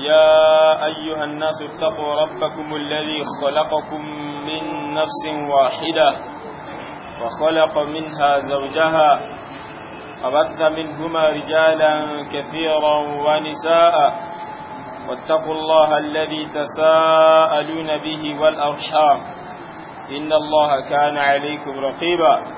يا أيها الناس اتقوا ربكم الذي خلقكم من نفس واحدة وخلق منها زوجها أبث منهما رجالا كثيرا ونساء واتقوا الله الذي تساءلون به والأرحام إن الله كان عليكم رقيبا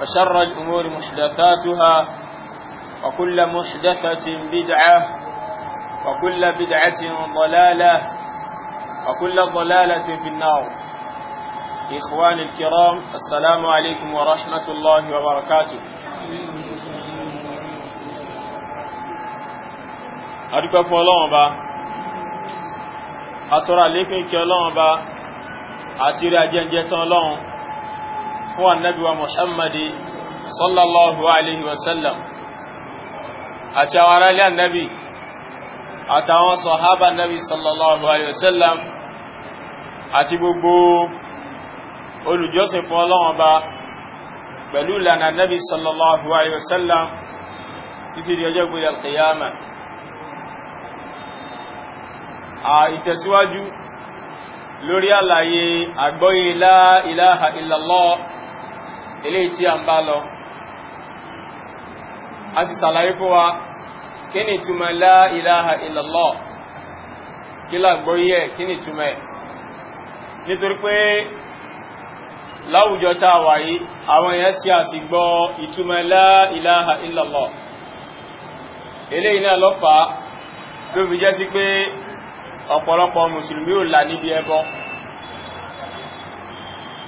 وشر الأمور محدثاتها وكل محدثة بدعة وكل بدعة ضلالة وكل ضلالة في النار إخوان الكرام السلام عليكم ورحمة الله وبركاته adúpẹ́ fún ọlọ́run ba àtọ́rà lékún ìkẹ́ ọlọ́run ba àti fún annabi wa muhammadi sallallahu alaihi wasallam àti àwọn ará ilé annabi àtàwọn sọ̀hábà annabi sallallahu alaihi wasallam àti gbogbo olùjọ́sìn fún ọlọ́wọ́n bá pẹ̀lú ìlànà annabi sallallahu alaihi wasallam títí di ọjọ́ ìgbèrè alkiyama a ìtẹ̀síwájú lórí àlàyé àgbọ́yé la ilaha illallah eléyìí tí a ń bá lọ a ti sàlàyé fún wa kí ni túnmọ̀ la ilaha illallah kí lágbóyẹ̀ kí ni túnmọ̀ nítorí pé láwùjọ tá a wà yìí àwọn èèyàn sí àsìgbọ́ ìtúmọ̀ la ilaha illallah eléyìí náà lọ́fà ló fi jẹ́ sí pé ọ̀pọ̀lọpọ̀ mùsùlùmí ò là níbi ẹbọ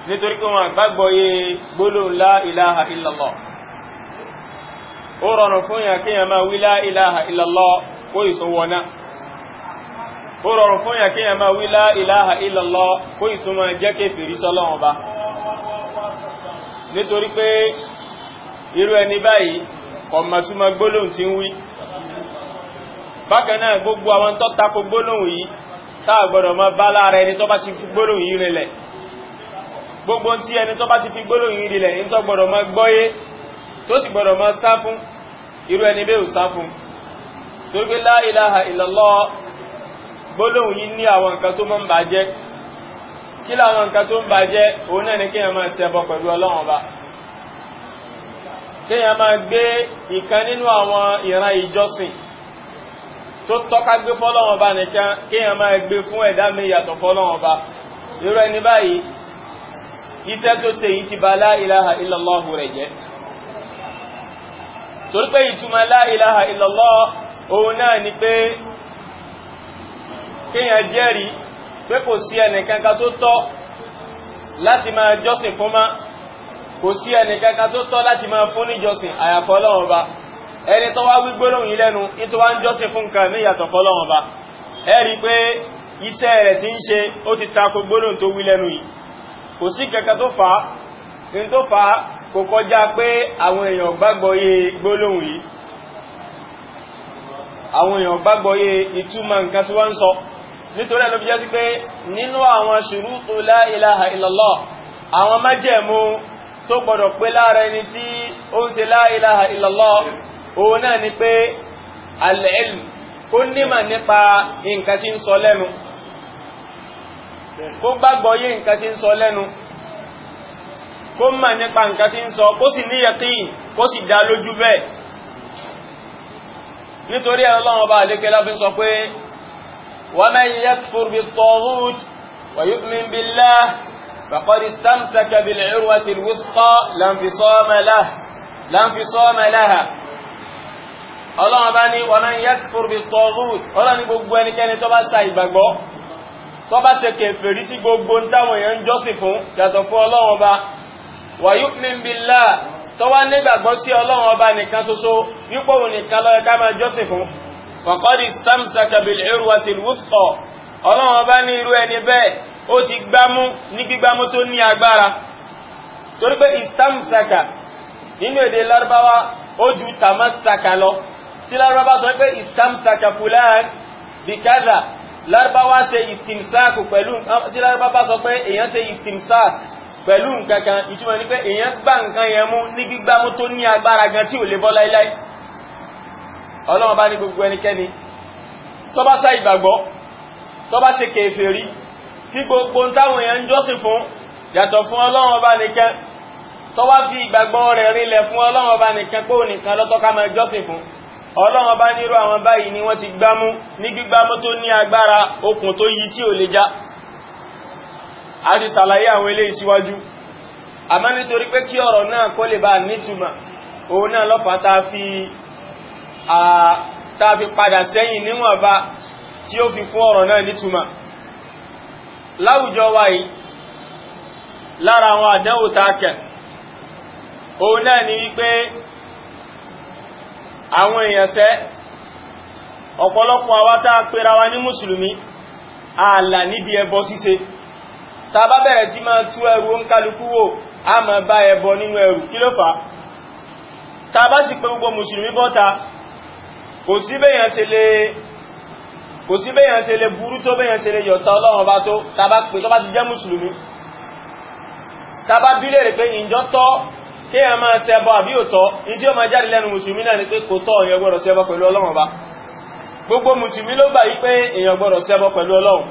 nítorí pé wọn gbàgbọ́ yé gbólóhùn la ilaha illallah ó rọrùn fún yàn kí yàn máa wí la ilaha illallah kó ìsúnwọ́ná ó rọrùn fún yàn kí yàn máa wí la ilaha illallah kó ìsúnmọ́ jẹ́ kéfèrí sọ́lọ́wọ́n bá nítorí pé irú ẹni báyìí kọ̀mọ̀túnmọ̀ gbólóhùn tí gbogbo tí ẹni tó bá ti fi gbólóhùn yìí rilẹ̀ ní tó gbọ́dọ̀ máa gbọ́yé tó sì gbọ́dọ̀ máa sá fún irú ẹni bẹ́ẹ̀ ò sá fún torí pé la ilaha illallah gbólóhùn yìí ní àwọn nǹkan tó máa ń bàjẹ́ kí láwọn nǹkan tó ń bàjẹ́ òun náà ni kéèyàn máa ṣẹbọ pẹ̀lú ẹ̀dá mi yàtọ̀ fọ́lọ́run ọba ẹni báyìí iṣẹ́ tó ṣe yìí ti bà la ilaha illallah rẹ̀ jẹ́ torí pé ìtumọ̀ la ilaha illallah òun náà ni pé kíyàn jẹ́rìí pé kò sí ẹnìkankan tó tọ́ láti máa jọ́sìn fún má kò sí ẹnìkankan tó tọ́ láti máa fún níjọsìn àyàfi Ọlọ́run Ọba ẹni tó wá wígbónáhùn wí kò sí kankan tó fà á ní tó fà á kò kọjá pé àwọn èèyàn gbàgbọ́yé gbólóhùn yìí àwọn èèyàn gbàgbọ́yé ìtumọ̀ nǹkan tí wọ́n ń sọ nítorí ẹ̀lú bí jẹ́ sí pé nínú àwọn ṣùrútù la ilaha illallah àwọn májẹ̀mú tó gbọdọ̀ pé lára ẹni tí ó ń ṣe la ilaha òun náà ni pé al-ilm kó nímọ̀ nípa nǹkan tí ń sọ lẹ́nu kó gbàgbọ́ yé nǹkan tí ń sọ lẹ́nu kó mà nípa nǹkan tí ń sọ kó sì ní yẹ̀kín kó sì dá lójú bẹ́ẹ̀ nítorí Ọlọ́run ọba àlékẹ́ lábí sọ pé wa man yakfur bit-taghut wa yu'min billah faqad istamsaka bil tó bá ṣe kèfèrí sí gbogbo táwọn èèyàn ń jọ́sìn fún yàtọ̀ fún ọlọ́run ọba wa yu'min billah tó wá nígbàgbọ́ sí ọlọ́run ọba nìkan ṣoṣo wípé òun nìkan ló ká máa jọ́sìn fún faqad istamsaka bil urwatil wuthqa ọlọ́run ọba ní irú ẹni bẹ́ẹ̀ ó ti gbámú ní gbígbámú tó ní agbára torí pé istamsaka nínú èdè lárúbáwá ó ju tamasaka lọ tí lárúbáwá sọ pé istamsaka fulan bìkádà lárúbáwá ṣe istimsaku pẹ̀lú tí lárúbáwá sọ pé èèyàn ṣe istimsak pẹ̀lú nǹkan kan ìtumọ̀ ní pé èèyàn gbá nǹkan yẹn mú ní gbígbámú tó ní agbára gan tí ò lè bọ́ láíláí ọlọ́run bá ní gbogbo ẹnikẹ́ni tó bá sá ìgbàgbọ́ tó bá ṣe kèfèrí tí gbogbo táwọn èèyàn ń jọ́sìn fún yàtọ̀ fún ọlọ́run ọba nìkan tó wá fi ìgbàgbọ́ rẹ̀ rinlẹ̀ fún ọlọ́run ọba nìkan pé òun nìkan lọ́tọ́ ká máa jọ́sìn fún ọlọ́run ọba nírú àwọn báyìí ni wọ́n ti gbámú ní gbígbámú tó ní agbára okùn tó yí tí ò lè já a ti sàlàyé àwọn eléyìí síwájú àmọ́ nítorí pé kí ọ̀rọ̀ náà kó lè bá nítumọ̀ òun náà lọ́fàá tá a fi padà sẹ́yìn níwọ̀nba tí ó fi fún ọ̀rọ̀ náà nítumọ̀ láwùjọ wa yìí lára àwọn àdánwò tá òun náà ni wípé àwọn èèyànṣẹ́ ọ̀pọ̀lọpọ̀ àwátá pèrà wa ní mùsùlùmí ààlà níbi ẹbọ ṣíṣe ta bá bẹ̀rẹ̀ sí máa tú ẹrù ń kálukú a máa bá ẹbọ nínú ẹrù kí ló fà ta bá sì pé gbogbo mùsùlùmí bọ́ta kò sí bẹ́yàn ṣe lè burú tó bẹ́yàn ṣe lè yọ̀ta ọlọ́run bá tó ta bá pè tó bá ti jẹ́ mùsùlùmí ta bá bílẹ̀ rẹ̀ pé ìjọ tọ́ kí a máa ṣẹbọ àbí òtọ́ ìdí ọmọ jáde lẹ́nu mùsùlùmí náà ni pé kò tọ́ èèyàn gbọ́dọ̀ ṣẹbọ pẹ̀lú ọlọ́run ọba gbogbo mùsùlùmí ló gbà yí pé èèyàn gbọ́dọ̀ ṣẹbọ pẹ̀lú ọlọ́run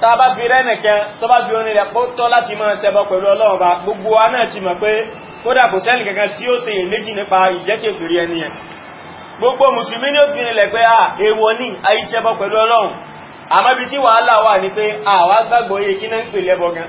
tá a bá fi rẹ́ nìkan tó bá fi orin rẹ̀ pó tọ́ láti máa ṣẹbọ pẹ̀lú ọlọ́run ọba gbogbo wa náà ti mọ̀ pé kódà kò sẹ́ni kankan tí ó ṣe èméjì nípa ìjẹ́kèfèrí ẹni yẹn gbogbo mùsùlùmí ni ó fi rinlẹ̀ pé à èèwọ̀ ní ayé ṣẹbọ pẹ̀lú ọlọ́run àmọ́ ibi tí wàhálà wà ní pé àwa gbàgbọ́ yẹ kí náà ń pè lẹ́bọ gan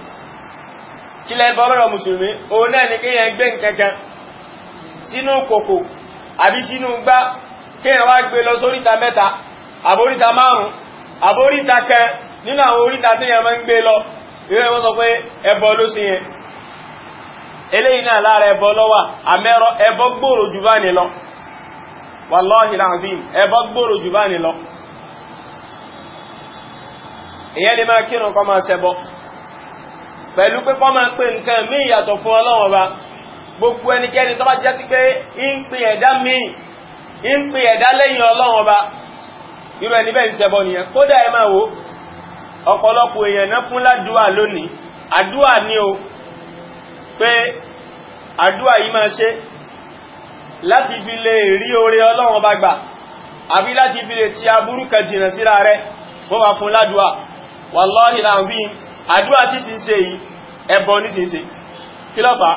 kílẹ̀ lẹ bọ́ lọ́rọ̀ mùsùlùmí òun náà ni kéèyàn gbé nǹkankan sínú kòkò àbí sínú gbá kéèyàn wá gbé lọ sóríta mẹ́ta àbóríta márùn-ún àbóríta kẹ nínú àwọn oríta téèyàn máa ń gbé lọ ìwé sọ pé ẹbọ ló sí yẹn eléyìí náà lára ẹbọ lọ́wà àmẹ́rọ ẹbọ jù bá lọ pẹ̀lú pé kọ́ máa pè nǹkan mí ìyàtọ̀ fún ọlọ́run ọba gbogbo ẹnikẹ́ni tó bá jẹ́ sí pé ń pè ẹ̀dá míì ń pè ẹ̀dá lẹ́yìn ọlọ́run ọba irú ẹni bẹ́ẹ̀ ń ṣẹbọ nìyẹn kódà ẹ máa wo ọ̀pọ̀lọpọ̀ èèyàn náà fún ládùúà lónìí àdúà ni o pé àdúà yìí máa ṣe láti fi lè rí oore ọlọ́run ọba gbà àbí láti fi lè ti aburú kan síra rẹ̀ wọ́n wá fún ládùúà wàláhì láàbí àdúrà tí sì ń ṣe yìí ẹbọ ní sì ń ṣe kí ló fà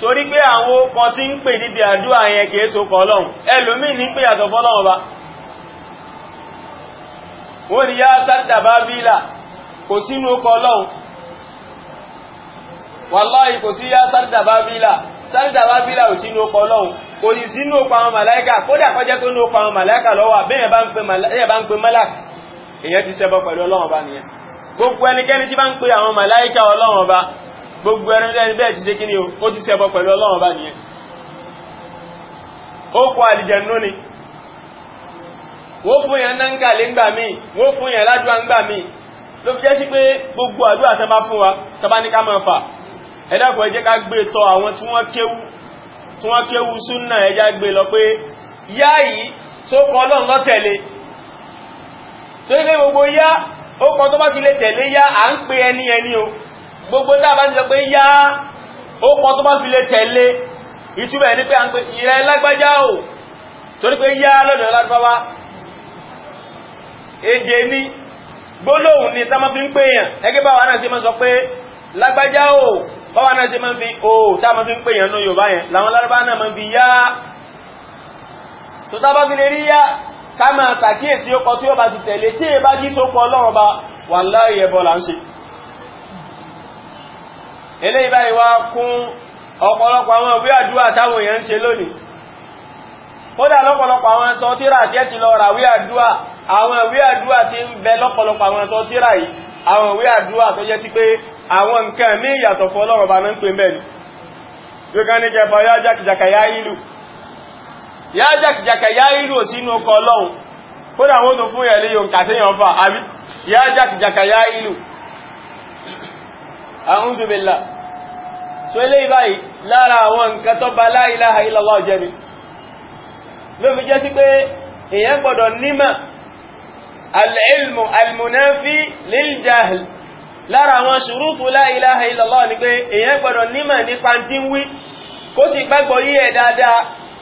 torí pé àwọn kan tí ń pè níbi àdúrà yẹn kìí so kọ ọlọ́run ẹlòmíì ní pè yàtọ̀ fọ́lọ́run bá wọ́n ni yá sátàbá bílà kò sínú ọkọ̀ ọlọ́run wàláì kò sí yá sátàbá bílà sátàbá pe màláíkà èyàn ti ṣẹbọ pẹ̀lú ọlọ́run bá nìyẹn gbogbo ẹnikẹ́ni tí bá ń pe àwọn màláíkà ọlọ́run ọba gbogbo ẹnikẹ́ni bẹ́ẹ̀ ti ṣe kí ni ó ti ṣẹbọ pẹ̀lú ọlọ́run ọba nìyẹn ó kọ àlìjẹ̀nú ni wó fún yẹn náǹkà lé ńgbà míì wó fún yẹn ládùá ńgbà míì ló fi jẹ́ sí pé gbogbo àdúrà tán bá fún wa tán bá ní ká máa fà ẹ dákun ẹ jẹ́ ká gbé tọ àwọn tí wọ́n kéwú tí súnà ẹ gbé lọ pé yá yìí tó kọ ọlọ́run lọ́tẹ̀lé torí pé gbogbo yá ó kọ tó bá ti lè tẹ̀lé yá à ń pè ẹni ẹni o gbogbo dáa bá ti sọ pé yá ó kọ tó bá fi lè tẹ̀lé ìtumọ̀ ẹni pé à ń pè ìrẹ́ lágbájá o torí pé yá lọ́dọ̀ lárúbáwá èdè ní gbólóhùn ni tá máa fi ń pè yàn ẹgbẹ́ báwa náà ṣe máa sọ o báwa náà ṣe o tá máa fi ń pè yàn ní Yorùbá yẹn làwọn lárúbá náà máa fi yá tó ká máa sàkíyèsí ó kọ tí ó bá ti tẹ̀lé tí è bá jí sókọ ọlọ́run bá wà láàrí ẹbọ là ń ṣe eléyìí báyìí wá kún ọ̀pọ̀lọpọ̀ àwọn ìwé àdúrà táwọn èèyàn ń ṣe lónìí kódà lọ́pọ̀lọpọ̀ àwọn ẹ̀sọ́ tíra àti ẹ̀tì lọ ra ìwé àdúrà àwọn ìwé àdúrà ti ń bẹ lọ́pọ̀lọpọ̀ yá jàkìjàkà yá ìlú sínú ọkọ̀ ọlọ́run kódà wọ́n tó fún ẹ̀lẹ́ yóò kàtíyàn fà àbí yá jàkìjàkà yá ìlú àúnzùbìlá so ilé ìbáyìí lára àwọn nǹkan tó bá la ilaha illallah jẹ́mi ló fi jẹ́ sí pé èyàn gbọ́dọ̀ nímà al-ilmu al-munafi lil-jahl lára àwọn ṣùrútù la kó sì gbàgbọ́ yí ẹ̀ dáadáa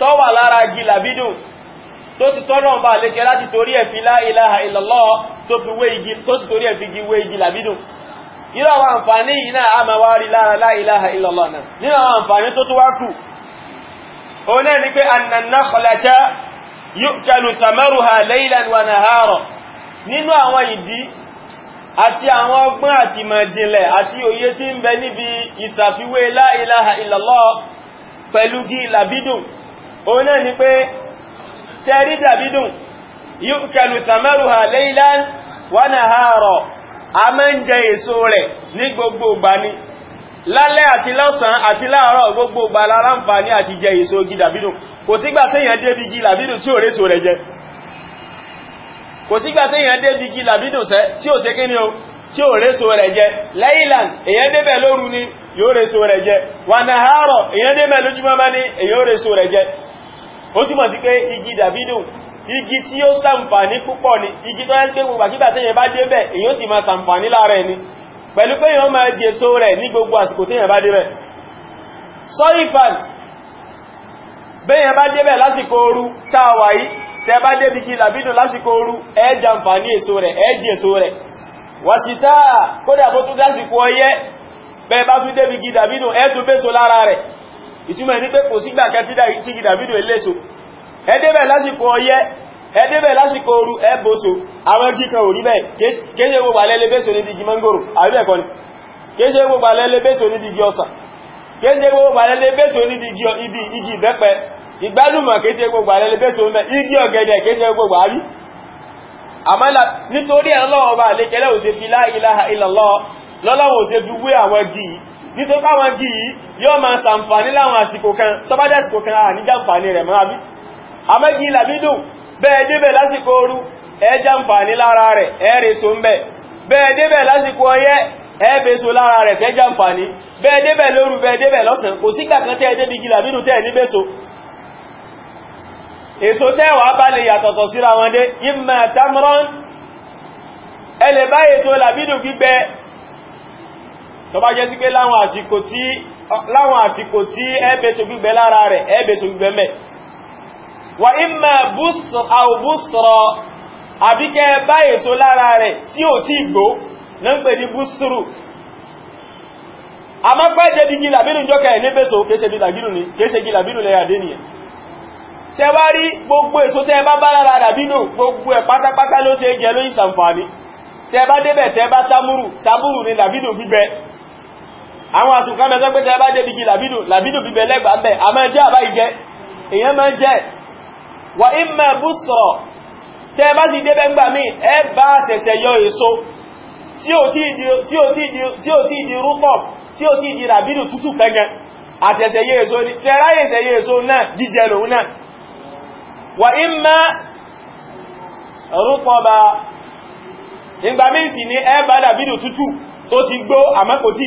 tó wà lára gílà bídù tó ti tọ́nà bá lékẹ láti torí ẹ̀ fi la ilaha illallah tó ti torí ẹ̀ fi gi wé igi làbídù irú àwọn àǹfààní yìí náà a máa wá rí lára la ilaha illallah náà nínú àwọn àǹfààní tó tó wá kù òun náà ni pé ànànà kọlàjá yíkàlù tamaruha laylan wa nahara nínú àwọn ìdí àti ona ni pe seri dabidun yukalu tamaruha laylan wa nahara amanje esore ni gbogbo gba ni lale ati losan ati laaro gbogbo gba la ranfani ati je eso gi dabidun ko sigba gba teyan de bi gi dabidun ti o re so re je ko sigba gba teyan de bi gi dabidun se ti o se kini o ti o re so re je laylan eyan de be loru ni yo so re je wa nahara eyan de me lojuma ba ni eyan so re je ó túnmọ̀ sí pé igi dàbínú igi tí ó sàǹfàní púpọ̀ ni igi tó yẹ́ pé gbogbo àkíkà tẹ́yẹ bá dé bẹ̀ èyàn sì máa sàǹfàní lára ẹni pẹ̀lú pé èyàn máa di èso rẹ̀ ní gbogbo àsìkò tẹ́yẹ bá dé bẹ̀ sọ́ìfàn bẹ́yẹn bá dé bẹ̀ lásìkò ooru táàwà yìí tẹ́ bá dé bí kí làbínú lásìkò ooru ẹ èso rẹ̀ ìtumọ̀ ní pé kò sígbà kẹtídà tígi Davido eléso ẹdẹ́bẹ̀ lásìkò ọyẹ́ ẹdẹ́bẹ̀ lásìkò ooru ẹbọ́sọ àwọn igi kan ò rí bẹ́ẹ̀ kéṣe gbogbo alẹ́ lebéso ní digi mangoro àríbẹ̀kọ́ ni kéṣe gbogbo alẹ́ lebéso ní digi ọsàn igi ìbẹ́pẹ ìgbádùnmọ̀ kéṣe gbogbo alẹ́ lebéso ní igi ọ̀gẹ̀dẹ̀ kéṣe gbogbo àrí àmọ́lá nítorí ẹ̀lọ́wọ́ bá lè kẹ́lẹ́ òsè fi la ilaha illallah lọ́lọ́wọ́ òsè wé àwọn igi nítorí káwọn gí yìí yóò máa sàǹfàní láwọn àsìkò kan tọ́bádẹ́ àsìkò kan à ní jàǹfàní rẹ̀ mọ́ àbí àmẹ́gí làbídùn bẹ́ẹ̀ débẹ̀ lásìkò ooru ẹ jàǹfàní lára rẹ̀ ẹ̀rẹ̀ so ń bẹ̀ bẹ́ẹ̀ débẹ̀ lásìkò ọyẹ́ ẹ̀ẹ́bẹ̀ so lára rẹ̀ tẹ́ jàǹfàní bẹ́ẹ̀ débẹ̀ lóru bẹ́ẹ̀ débẹ̀ lọ́sàn kò sígbà kan tẹ́ débi gí làbídùn tẹ́ níbẹ̀ tó bá jẹ́ sí pé láwọn àsìkò tí ẹ́bẹ̀ ṣe gbígbẹ lára rẹ̀ ẹ́bẹ̀ ṣe gbígbẹ mẹ́ wà ìmẹ̀ àwòbúsọ̀rọ̀ àbíkẹ́ bá èso lára rẹ̀ tí ò tí ìgbó ní ń pè ní búsùrù a má pẹ́ jẹ́ dígí làbínú jọ́kẹ̀ níbẹ̀sọ kéṣe gí làbínú lẹ́yà dé nìyẹn tẹ bá rí gbogbo èso tẹ bá bá lára dàbínú gbogbo ẹ̀ pátápátá ló ṣe jẹ lóyìn sàǹfààní tẹ bá débẹ̀ tẹ bá tamúrù tamúrù ni dàbínú gbígbẹ àwọn àsùnká mẹ́sẹ́ pé tẹ́ bá jẹ́ bígi làbídù làbídù bíbẹ̀ lẹ́gbàá a máa jẹ́ àbá ìjẹ́ èyàn máa jẹ́ wà tẹ́ bá sì dé ń mí ẹ bá ṣẹ̀ṣẹ̀ yọ èso tí ò tí ìdí rúpọ̀ tí ò tí ìdí làbídù tútù kẹgẹ náà tó ti gbó tí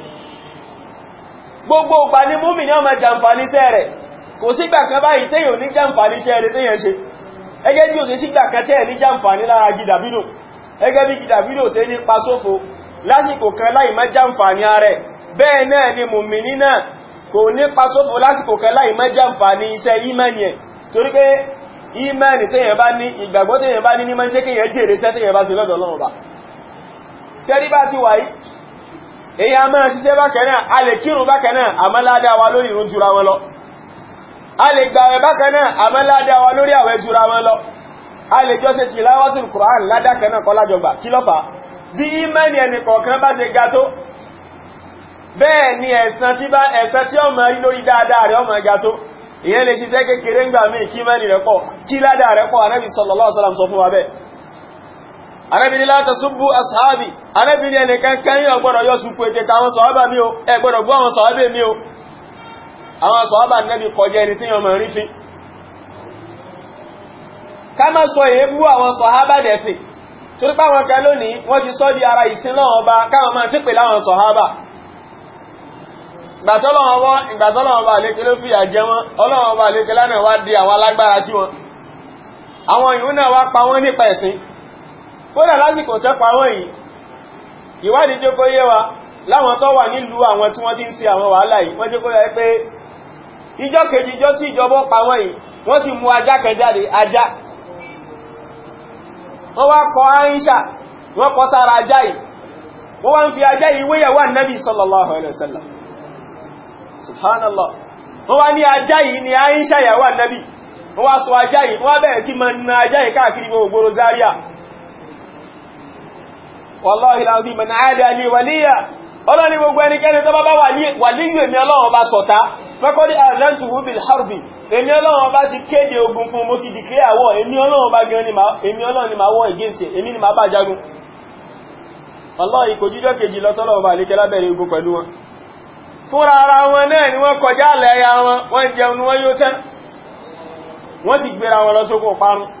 gbogbo ìgbà ni múmi ní ọmọ jàǹfàní iṣẹ́ rẹ̀ kò sígbà kan báyìí téèyàn ní jàǹfàní iṣẹ́ rẹ̀ téèyàn ṣe ẹgẹ́ bí òṣè sígbà kan tẹ́ẹ̀ ní jàǹfàní lára gidàbínú ẹgẹ́ bí gidàbínú ṣe ní pasófo lásìkò kan láì má jàǹfàní ààrẹ bẹ́ẹ̀ náà ni múmi ní náà kò ní pasófo lásìkò kan láì má jàǹfàní iṣẹ́ ìmánì ẹ̀ torí pé ìmánì téèyàn bá ní ìgbàgbọ́ téèyàn bá ní ní máa ń jẹ́ kéèyàn jèrè iṣẹ́ téèyàn bá ṣe lọ́dọ̀ Ọlọ́run bá ṣẹ́rí bá ti wáyé èyí a máa ṣiṣẹ́ bákanáà a lè kírun bákanáà àmọ́ládá wa lórí ìrun jura wọn lọ a lè gbàwẹ̀ bákanáà àmọ́ládá wa lórí àwẹ̀ jura wọn lọ a lè jọ ṣe tìláwọ́sùn kùrán ládákanáà kọlájọgbà kí lọ́fà bí ìmánì ẹni kọ̀ọ̀kan bá ṣe ga tó bẹ́ẹ̀ ni ẹ̀san tí bá ẹ̀san tí ọmọ rí lórí dáadáa rẹ̀ ọmọ ga tó ìyẹn lè ṣiṣẹ́ kékeré ńgbà míì kí mẹ́rin rẹ̀ pọ̀ kí ládàá rẹ̀ pọ̀ anábì sallallahu alaihi wasallam sọ arábìnrin láta súnbù asáàbì arábìnrin ẹnìkan kẹrin ọgbọ́dọ̀ yọ súnpù ètè táwọn sọ̀hábà mi o ẹgbọ́dọ̀ bú àwọn sọ̀hábà mi o àwọn sọ̀hábà nẹ́bí kọjá ẹni tí yọmọ rí fi ká má sọ èébú àwọn sọ̀hábà dẹ̀sìn torí páwọn kan lónìí wọ́n sọ di ara ìsin náà ọba káwọn máa wọn di sí wọn kódà lásìkò tẹ́ pàwọn yìí ìwádìí jẹ́ kó wa láwọn tó wà nílùú àwọn tí wọ́n ti ń ṣe àwọn wàhálà yìí wọ́n jẹ́ kó yẹ pé ìjọ́ kejì ìjọ́ tí ìjọba pàwọn yìí wọ́n ti mú ajá kẹjáde ajá wọ́n wá kọ àìṣà wọ́n kọ sára ajá yìí wọ́n wá ń fi ajá yìí wéyẹ̀ wà sallallahu wàláhì láàrín mẹ́ni àádá ní wàlíyà ọlọ́ni gbogbo ẹnikẹ́ni tó bá bá wàlíyù èmi ọlọ́run ọba sọ̀tá fẹ́kọ́dí àrẹ́ntù wúbìl harbi èmi ọlọ́run ọba ti kéde ogun fún mo ti dìkẹ́ àwọ̀ èmi ọlọ́run ọba gan èmi ọlọ́run ni máa wọ́ ìgéǹsẹ̀ èmi ni ma bá jagun wàláhì kò ara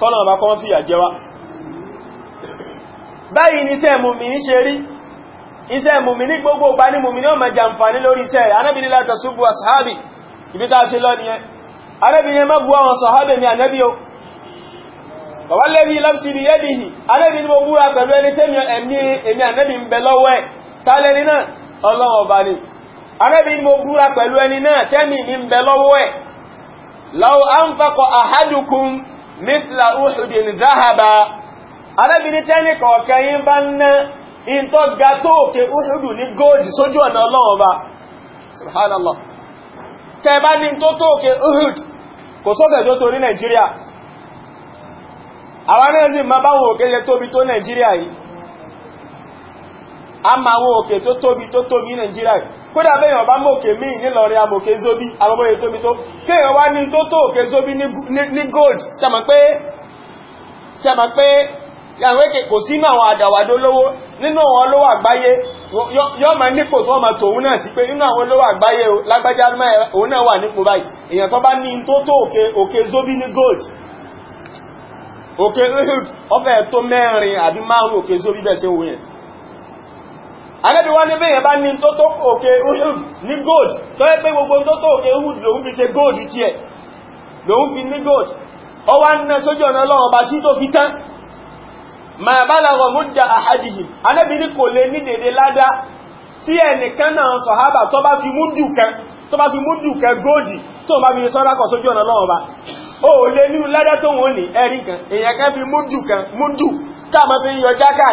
kọ́nà bá kọ́n fìyà jẹ wá báyìí ní iṣẹ́ mùmìnì ṣe rí iṣẹ́ mùmìnì gbogbo ọgbà ní mùmìnì ọmọ jàǹfàní lórí iṣẹ́ Ànábì ní la tasubbu ashabi ibi tá a ṣe lọ nìyẹn Ànábì ní ẹ má bú àwọn sàhábẹ̀ mi Ànábì o wàwálẹ́bí lábsí ní yẹ́dìí anẹ́bí ní mo búra pẹ̀lú ẹni tẹ́mi èmi anẹ́bí ń bẹ lọ́wọ́ ẹ̀ tálẹ́ni náà ọlọ́wọ̀ bá ní anẹ́bí ní ń bẹ lọ́wọ́ mithla uhudin zahaba arábìnrin tẹ́nì kọ̀ọ̀kẹ́ yí bá ná in tó ga tó òkè uhudu ní góòdì soju ọ̀nà ọlọ́run ọba subhanallah tẹ́ bá ní tó tó òkè uhud kò sókè oke ma a ma àwọn òkè tó tóbi tó tóbi nàìjíríà kódà bẹ́yàn bá mọ́kè míì nílọrin amòkè zóbi tobi tóbi tó kéèyàn wá ní tó tó òkè zóbi gold sẹ́mọ̀ pé sẹ́mọ̀ èkè kò sínú àwọn àdàwàdó lówó nínú àwọn olówó àgbáyé yọ́ ma nípò tó ọmọ tòun náà sí pé nínú àwọn olówó àgbáyé lágbájá òun náà wà nípò báyìí tó bá ní tó tó òkè òkè zóbi ní gold òkè tó mẹ́rin àbí Ànábì wá ní bẹ́yẹn bá ní tó tó òkè Uhud ní gold tó yẹ pé gbogbo tó tó òkè Uhud lòun fi ṣe gold tí ẹ̀ lòun fi ní gold ọ wá ń sójú fi tán ní kò lè ní dèdè ládá tí náà tó fi múdù kan tó fi múdù kan gold tó bá fi sójú ọ̀nà Ọlọ́run bá ó lè ládá tó fi múdù kan múdù káàmọ́ fi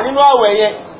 nínú àwẹ̀ yẹn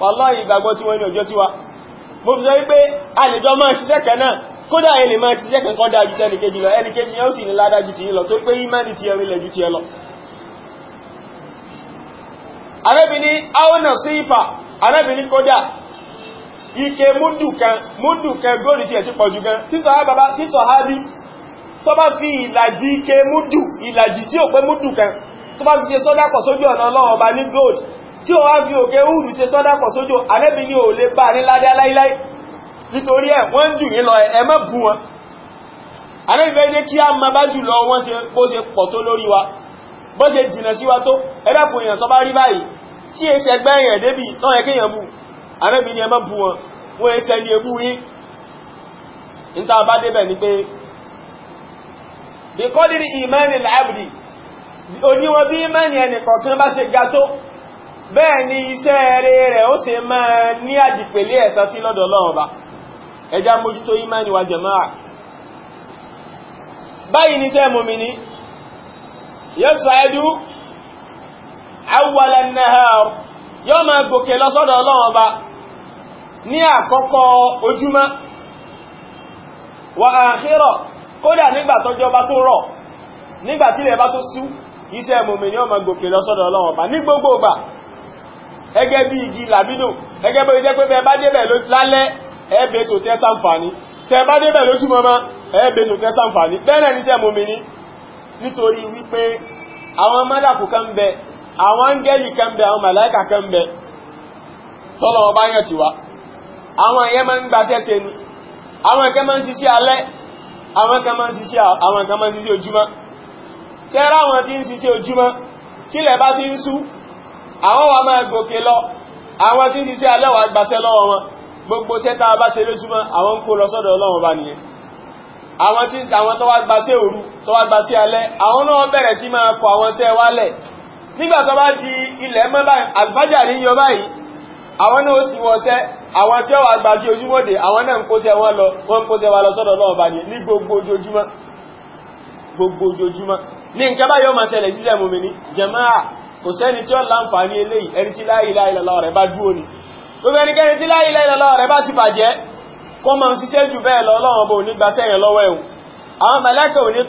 wallahi ìgbàgbọ́ tí wọ́n ní ọjọ́ tiwa mo fi sọ wípé a lè jọ máa ṣiṣẹ́ kan náà kódà ẹni máa ṣiṣẹ́ kan kọ́ dáa ju tẹ́ni kejì lọ ẹni kejì yẹn sì ní ládá ju lọ tó pé ìmánì ti ẹrí lẹ̀ ju tiẹ̀ lọ. arábìnrin ike múdù kan múdù kan góòlù tiẹ̀ ti pọ̀ jù gan sísọ ha bàbá sísọ ha bí tó bá fi ìlàjì ike múdù ìlàjì tí ò pé múdù kan tó fi ṣe sọ́dá pọ̀ sójú ọ̀nà ọlọ́run ọba ní gold tí ó wá fi òkè úrù ṣe sọ́dápọ̀ sójò anẹ́bí ní ò lè bá ní ládá láíláí nítorí ẹ̀ wọ́n jù yí lọ ẹ má bú wọn anẹ́bí fẹ́ jẹ́ kí a ma bá jù lọ wọ́n ṣe bó ṣe pọ̀ tó lórí wa bó ṣe jìnà sí wa tó ẹ̀dàkùn èèyàn tó bá rí báyìí tí ẹ ṣe gbẹ́ èèyàn débì náà yẹ kéèyàn bú anẹ́bí ni ẹ má bú wọn wọ́n ẹ ṣe ní ebú yín níta bá débẹ̀ ni pé bí kọ́dìrì ìmẹ́rin bẹ́ẹ̀ ni iṣẹ́ eré rẹ̀ ó ṣe máa ní àdìpèlé ẹ̀san sí lọ́dọ̀ lọ́ọ̀ba ẹjá mójútó ìmáni wa jẹ̀máà báyìí ní iṣẹ́ mòmìnì ní àkọ́kọ́ wa kódà bá tó rọ̀ bá sú iṣẹ́ mòmìnì yóò gòkè lọ sọ́dọ̀ ní gbogbo gẹ́gẹ́ bí igi làbínú gẹ́gẹ́ bó jẹ́ pé bẹ bá débẹ̀ lálẹ́ ẹ́bẹ̀ẹ́sò tẹ́ sàǹfàní tẹ́ bá débẹ̀ lójúmọ́mọ́ ẹ́bẹ̀ẹ́sò tẹ́ sàǹfàní bẹ́rẹ̀ ní sẹ́mùmí ní nítorí wípé àwọn mọ́làkù kan bẹ àwọn áńgẹ́lì kan bẹ àwọn màláìkà kan bẹ tọ́lọ ọba yàn ti wá àwọn ẹ̀yẹ máa ń gba sẹ́sẹ́ ni àwọn ẹ̀kẹ́ máa ń ṣiṣẹ́ alẹ́ àwọn ẹ̀kẹ́ máa ń ṣiṣẹ́ àwọn ẹ̀kẹ́ máa ń ṣiṣẹ́ ojúmọ́ sẹ́rẹ́ àwọn tí ń ṣiṣẹ́ ojúmọ́ sílẹ̀ bá ti ń sú àwọn wa máa gòkè lọ àwọn tí ń ti sí aláwà gbàṣẹ́ lọ́wọ́ wọn gbogbo sẹ́ta bá ṣe lójúmọ́ àwọn ń kó lọ sọ́dọ̀ ọlọ́run bá nìyẹn àwọn tí àwọn tó wá gbàṣẹ́ òru tó wá gbàṣẹ́ alẹ́ àwọn náà bẹ̀rẹ̀ sí máa kọ àwọn sẹ́ wálẹ̀ nígbà tó bá di ilẹ̀ mọ́ báyìí àlùfájàrí yọ báyìí àwọn náà ó jẹ̀máà kò sẹ́ni tí ó láǹfààní eléyìí ẹni tí la ilaha illallah rẹ̀ bá dúró ni gbogbo ẹnikẹ́ni tí la ilaha illallah rẹ̀ bá ti bàjẹ́ kó máa ń ṣiṣẹ́ jù bẹ́ẹ̀ lọ Ọlọ́run bò ní gbaṣẹ́ yẹn lọ́wọ́ ẹ̀hùn àwọn màláíkà ò ní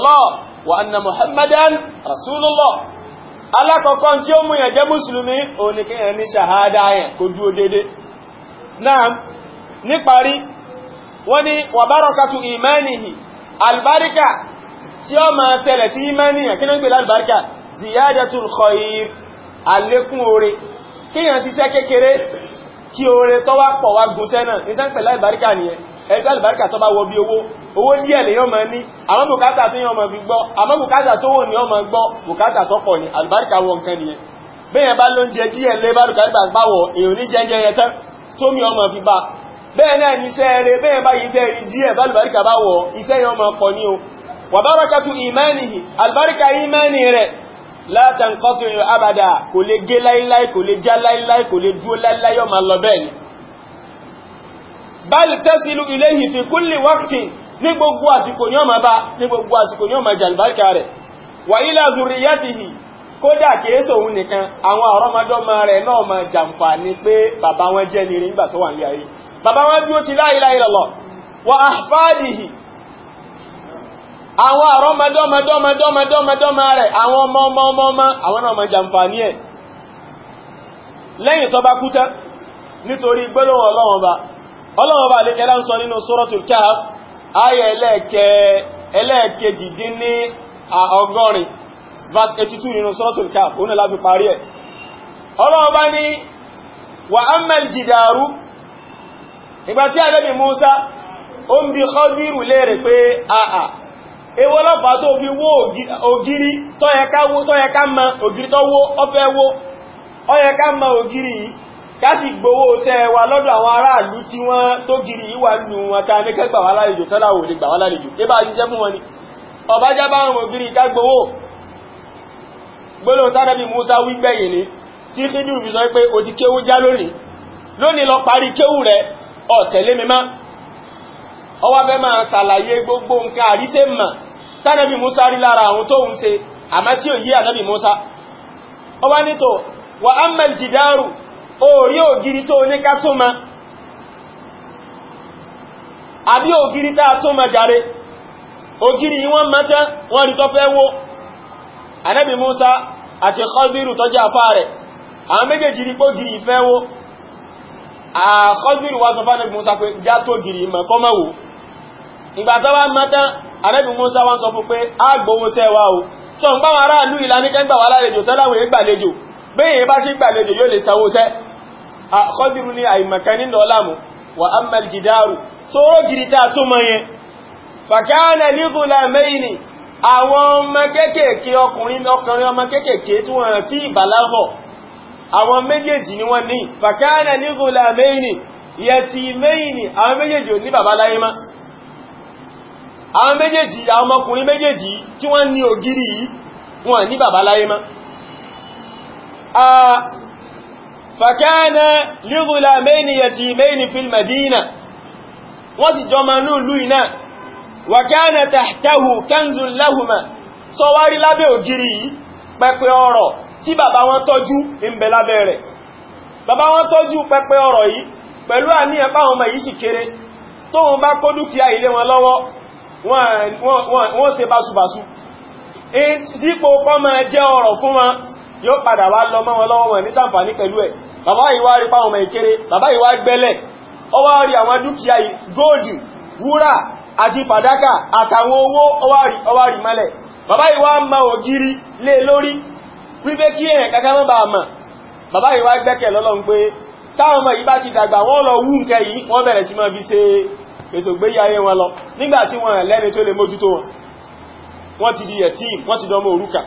kó wa anna muhammadan rasulullah alákọ̀ọ́kọ́ tí ó mú yẹn jẹ́ mùsùlùmí òní kí yẹn ní ṣàhádá yẹn kó dúó dédé náà níparí wọ́n ni wà bárakàtù ìmánìhì albáríkà tí ó máa ṣẹlẹ̀ sí ìmánìyàn kí ní gbèlá albáríkà ziyadatul khair ẹgbẹ́ àlùbáríkà tó bá wọ bí owó owó díẹ̀ lè yọ́n ma ní àwọn bùkátà tó yọ́n ma fi gbọ́ àwọn bùkátà tó wò ní yọ́n ma gbọ́ bùkátà tó pọ̀ ní àlùbáríkà wọ nǹkan nìyẹn bẹ́ẹ̀ bá ló ń jẹ díẹ̀ lé bálùkátà bá wọ èèyàn ní jẹ́jẹ́ yẹn tán tó mi ọmọ fi bá bẹ́ẹ̀ náà ní iṣẹ́ rẹ bẹ́ẹ̀ bá iṣẹ́ díẹ̀ bálùbáríkà bá wọ iṣẹ́ yẹn ọmọ pọ̀ ní o wà bárakàtú ìmánìyì àlùbáríkà ìmánì rẹ̀ látàǹkọ́tù abàdà kò lè gé láíláí kò lè já láíláí kò lè dúó láíláí ọmọ lọ bẹ́ẹ̀ ni bal tasilu ilayhi fi kulli waqtin ní gbogbo àsìkò ní ọmọ bá ní gbogbo àsìkò ní ọmọ jàlbáríkà rẹ̀ wà ilá zuriyatihi kódà kìíṣẹ́ òun nìkan àwọn àrọ́mọdọ́mọ rẹ̀ náà ma jàǹfààní pé bàbá wọn jẹ́ ní rí nígbà tó wà ní ayé bàbá wọn bí ó ti la ilaha illallah wa ahfadihi àwọn àrọ́mọdọ́mọdọ́mọdọ́mọdọ́mọ rẹ̀ àwọn ọmọ bá ọlọ́run bá lékẹ́lá ń sọ nínú suratul Kahf ayẹ ẹlẹ́ẹ̀kejì dín ní ọgọ́rin verse 82 nínú suratul Kahf òun náà láti parí ẹ̀ ọlọ́run bá ní wa ammal jìdàrú ìgbà tí ànábì Musa ó ń bi Khadiru léèrè pé àà ewọ́ lọ́pàá tó fi wó ògiri tọ́yẹ ká mọ ògiri tọ́wọ́ ọfẹ́ wó ọyẹ ká mọ ògiri yìí kásì gbowó ṣẹ́ wa lọ́dọ̀ àwọn aráàlú tí wọ́n tó giri ìwà nù wọn ta ní kẹgbà wá lálejò sọ́dà wò lè gbà wá lálejò dé bá ṣiṣẹ́ fún wọn ni ọ̀bájá bá wọn ògiri ká gbowó gbólóhùn tánàbí Musa wí ni tí kídùn fi sọ pé o ti kéwú já lónìí lónìí lọ Musa rí lára àwọn tóun ṣe àmá tí Musa ọwọ́ nítò wà á mẹ́l orí ògiri tó ní ká tó ma àbí ògiri tá tó ma jàre ògiri wọ́n mẹ́tẹ́ wọ́n rí tó fẹ́ wó Ànábì Musa àti Khadiru tó jẹ́ àfá rẹ̀ àwọn méjèèjì rí pó giri ìfẹ́ wó Khadiru wá sọ fún Ànábì Musa pé já tó giri ìmọ̀ kọ́mọ̀wò ìgbà tó wá mẹ́tẹ́ Ànábì Musa wá sọ fún pé àgbówó sẹ́wà o sọ ń bá wọn aráàlú ìlànìkẹ́ gbà wà lálejò tẹ́láwọ̀ ìgbàlejò bẹ́yìn bá sí gbàlejò yóò lè sanwó sẹ́ Ah, khadiru ní àìmọ̀kaní lọ́lámù wa ammal jidaru tó gírítà tó mọ́yẹn fàkánà lígùnlá mẹ́yìnì àwọn ọmọ kéèkèé ọkùnrin ọkùnrin ọmọ kéèkèé tí wọ́n fi ìbàlágọ̀ àwọn méjèèjì ni wọ́n ní fàkánà lígùnlá mẹ́yìnì yẹtì mẹ́yìnì àwọn méjèèjì ò ní bàbá láyé má àwọn méjèèjì àwọn ọmọkùnrin méjèèjì tí wọ́n ní ògiri yìí wọ́n ní bàbá láyé má فكان لظلامين يتيمين في المدينة وتجمنوا لنا وكان تحته كنز لهما سواري لابẹ́ ògiri pẹpẹ ọrọ̀ tí bàbá wọn tọ́jú ìbẹ̀ lábẹ́ rẹ̀ bàbá wọn tọ́jú pẹpẹ ọrọ̀ yìí pẹ̀lú àníyàn pa àwọn yìí sì kéré tó wọn bá kó dúkìá ilé yóò padà wá lọ mọ́ lọ́wọ́ wọn ní sàǹfàní pẹ̀lú ẹ̀ bàbá ìwá rí pàwọn ọmọ ìkéré bàbá ìwá gbẹ́lẹ̀ ó rí àwọn dúkìá yìí wúrà àti fàdákà àtàwọn owó ó rí mọ́lẹ̀ bàbá ìwá ma ògiri lé e lórí wípé kí èèyàn kankan mọ́ bá mọ̀ bàbá ìwá gbẹ́kẹ̀ lọ́lọ́run pé táwọn ọmọ yìí bá ti dàgbà wọ́n lọ wú nǹkan yìí wọ́n bẹ̀rẹ̀ sí máa fi ṣe ètò ìgbéyà ayé wọn lọ nígbà tí wọ́n lẹ́ni tó lè mójútó wọn wọ́n ti di ẹ̀tí wọ́n ti dọmọ òrukàn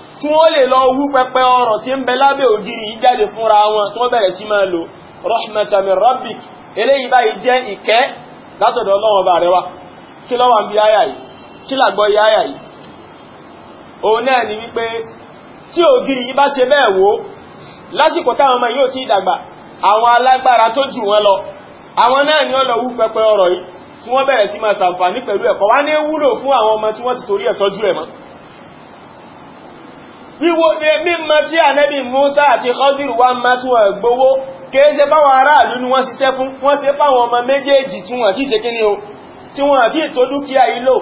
tí wọ́n lè lọ wú pẹpẹ ọ̀rọ̀ tí ń bẹ lábẹ́ ògiri yìí jáde fúnra wọn tí wọ́n bẹ̀rẹ̀ sí máa lò rahmatan min rabbik eléyìí báyìí jẹ́ ìkẹ́ látọ̀dọ̀ ọlọ́wọ́n bá rẹwà kí ló wà ń bí áyà yìí kí làgbọ́ yí áyà yìí òun náà ni wípé tí ògiri yìí bá ṣe bẹ́ẹ̀ wò lásìkò táwọn ọmọ yóò tí ìdàgbà àwọn alágbára tó jù wọn lọ àwọn náà ni ó lọ wú pẹpẹ ọ̀rọ̀ yìí tí wọ́n bẹ̀rẹ̀ sí máa ṣàǹfààní pẹ̀lú ẹ̀kọ́ wá ní wúlò fún àwọn ọmọ tí wọ́n ti torí ẹ̀ tọ́jú ẹ̀ wíwo mímọ̀ tí ànẹ́bì Musa àti Khadiru wá máa tún wọ́n gbówó kéèṣe báwọn aráàlú ni wọ́n ṣiṣẹ́ fún wọ́n ṣe fáwọn ọmọ méjèèjì tí wọ́n àti ìṣẹ́kíní o tí wọ́n àti ètò dúkìá ìlò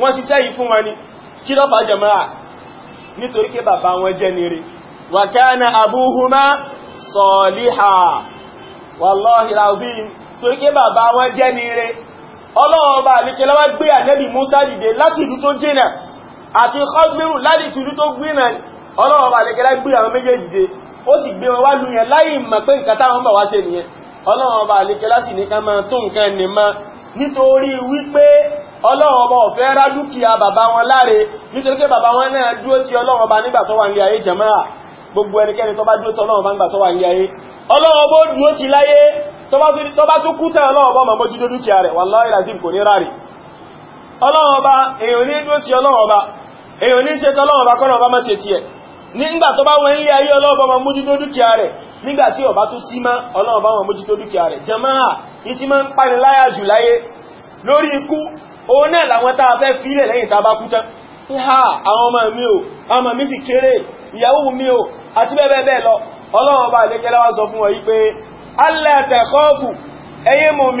wọ́n ṣiṣẹ́ yìí fún wọn ni kí ló fà jẹ̀mọ́ra nítorí pé bàbá wọn jẹ́ nire wa àti kọ́gbìrù láti tìlú tó gbìnà ọlọ́wọ́ bá lè kẹ́lá gbìrì àwọn méjèèjì dé ó sì gbé wọn wá lu yẹn láì mọ̀ pé nǹkan táwọn bá wá ṣe nìyẹn ọlọ́wọ́ bá lè kẹ́lá sì ní ká máa tó nǹkan nì mọ́ nítorí wípé ọlọ́wọ́ bá ọ̀fẹ́ rá dúkìá bàbá wọn láre nítorí pé bàbá wọn náà dúró tí ọlọ́wọ́ bá nígbà tó wà ní ayé jàmáà gbogbo ẹnikẹ́ni tó bá dúró tí ọlọ́wọ́ bá nígbà ọlọ́wọ́ba èyàn ní dúró ti ọlọ́wọ́ba èyàn ní ṣe tọ́lọ́wọ́ba kọ́nà ọba má ṣe ti ẹ̀ nígbà tó bá wọn ilé ayé ọlọ́wọ́ba ma mójútó dúkìá rẹ̀ nígbà tí ọba tó sí má ọlọ́wọ́ba wọn mójútó dúkìá rẹ̀ máa ń pani láyà jù láyé lórí ikú òun náà o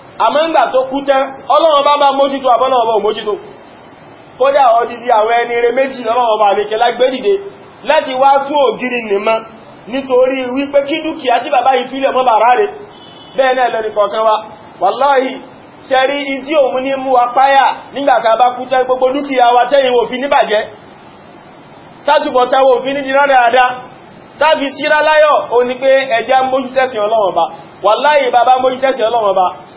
àmọ́ngbà tó kú tẹ́ ọlọ́run bá bá mójútó àbọ́lọ́run bá mójútó kódà ọdídí àwọn ẹni rẹ méjì lọ́wọ́ bá lè kẹlá gbẹ́dìde láti wá fún ògiri nìmọ́ nítorí wípé kí dúkìá tí bàbá yìí fílẹ̀ mọ́ bàrá rẹ̀ bẹ́ẹ̀ náà lẹ́ni kọ̀ọ̀kan wa wàláhì ṣẹ́rí ìdí òun ní mú wa páyà nígbàkan bá kú tẹ́ gbogbo dúkìá wa tẹ́yìn òfin níbàjẹ́ tátùbọ̀ táwọn òfin ní jìnnà dáadáa tábí síra láyọ̀ ó ní pé ẹja mójútẹ́sìn ọlọ́run ọba wàláhì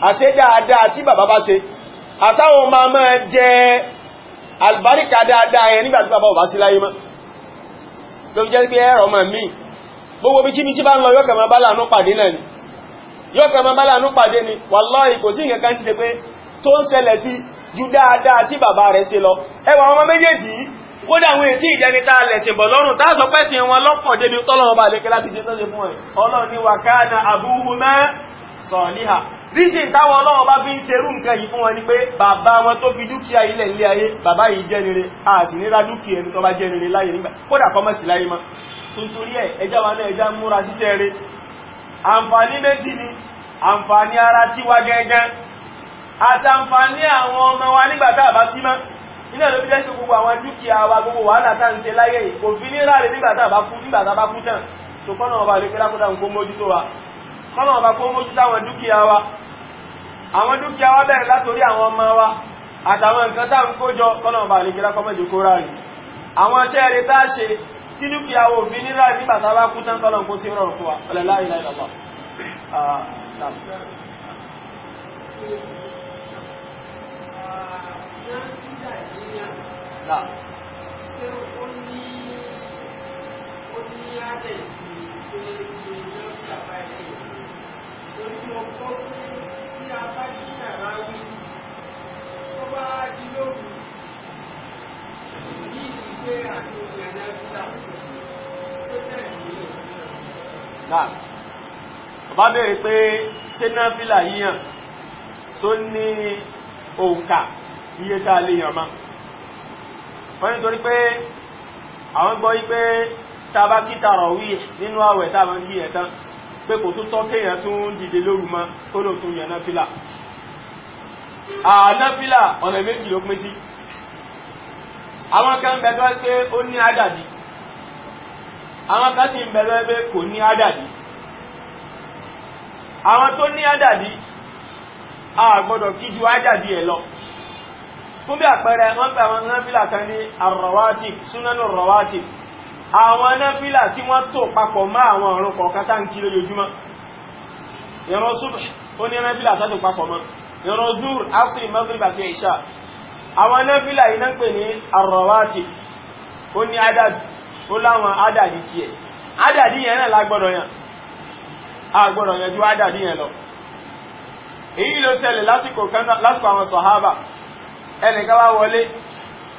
àṣẹ dáadáa tí bàbá bá ṣe àṣáwọn máa máa jẹ àlùbáríkà dáadáa ẹ nígbàtí bàbá ò bá sí láyé mọ́ ló jẹ́ pé ẹ̀rọ ma mí gbogbo bí kíbi tí bá ń lọ yọ́kà ma bálà ní pàdé náà ni yọ́kà ma bálà ní pàdé ni wàláhì kò sí nǹkan ti pé tó ń ṣẹlẹ̀ sí ju dáadáa tí bàbá rẹ̀ ṣe lọ ẹwà ọmọ méjèèjì kódà àwọn èdè ìjẹni tá a lẹ̀sìn bọ̀ lọ́rùn tá a àbúhùmá sọ̀líhà reason táwọn ọlọ́wọ́ bá fi ń ṣerú nǹkan yìí fún wọn ni pé bàbá wọn tó fi dúkìá ilẹ̀ ilé ayé bàbá yìí jẹ́nire a sì nira dúkìá ẹni tó bá jẹ́nire láyé nígbà kódà kọ́mọ̀sí láyé mọ́ nítorí ẹ̀ ẹjá wa náà ẹjá múra síṣẹ́ rẹ̀ àǹfààní méjì ni àǹfààní ara tiwa wa nígbà a bá sí mọ́ ilé ìlú jẹ́ gbogbo àwọn dúkìá wa gbogbo wàhálà tá ń ṣe láyé yìí kọ́nà ọba kó mójú táwọn dúkìá wa àwọn dúkìá wa bẹ̀rẹ̀ látorí àwọn ọmọ wa àtàwọn nǹkan tá à ń kójọ kọ́nà ọba àlekílá kọ́mọ̀jù kó ráàrí àwọn iṣẹ́ rẹ̀ tá a ṣe tí dúkìá wo fi nílá nígbà tá a bá kú tán kọ́nà kó sí rọrùn fún wa ọ̀lẹ́ láì láì lọ́lọ́ Nah ṣé ó ní ó ní àdẹ̀ ìgbìyànjú ṣàbáyé torí mo kọ́ pé tí a bá jí nàrá wí tó bá di lóru ní ìgbé àti òyìnbó ìlà tó tẹ̀lé ìlú. náà bàbá béèrè pé ṣé náfìlà yíyàn tó ní òǹkà iye tá a lè yàn máa wọ́n ní torí pé àwọn gbọ́ yí pé tá a wí nínú àwẹ̀ tá a pé kò tún tọ́ kéèyàn tún dìde lóru mọ́ tó lò tún yàn náfìlà ànáfìlà ọ̀nà méjì ló pín sí àwọn kan bẹ̀rẹ̀ pé ó ní àdàdì àwọn kan sì ń bẹ̀rẹ̀ pé kò ní àdàdì àwọn tó ní àdàdì a kí ju àdàdì ẹ̀ lọ fún bí àpẹẹrẹ wọ́n pẹ̀ àwọn náfìlà kan ní àrọ̀wátì súnánù rọ̀wátì àwọn náfílà tí wọ́n tó papọ̀ mọ́ àwọn ọ̀run kọ̀ọ̀kan tá ń kí lójoojúmọ́ ìran súbù ó ní tó papọ̀ mọ́ ìran asri maghrib àti isha àwọn náfílà iná pè ní ó ní ó láwọn adàdì adàdì yẹn náà lágbọ́dọ̀ ju adàdì yẹn lọ èyí ló ṣẹlẹ̀ lásìkò àwọn sọ̀hábà ẹnìkan wá wọlé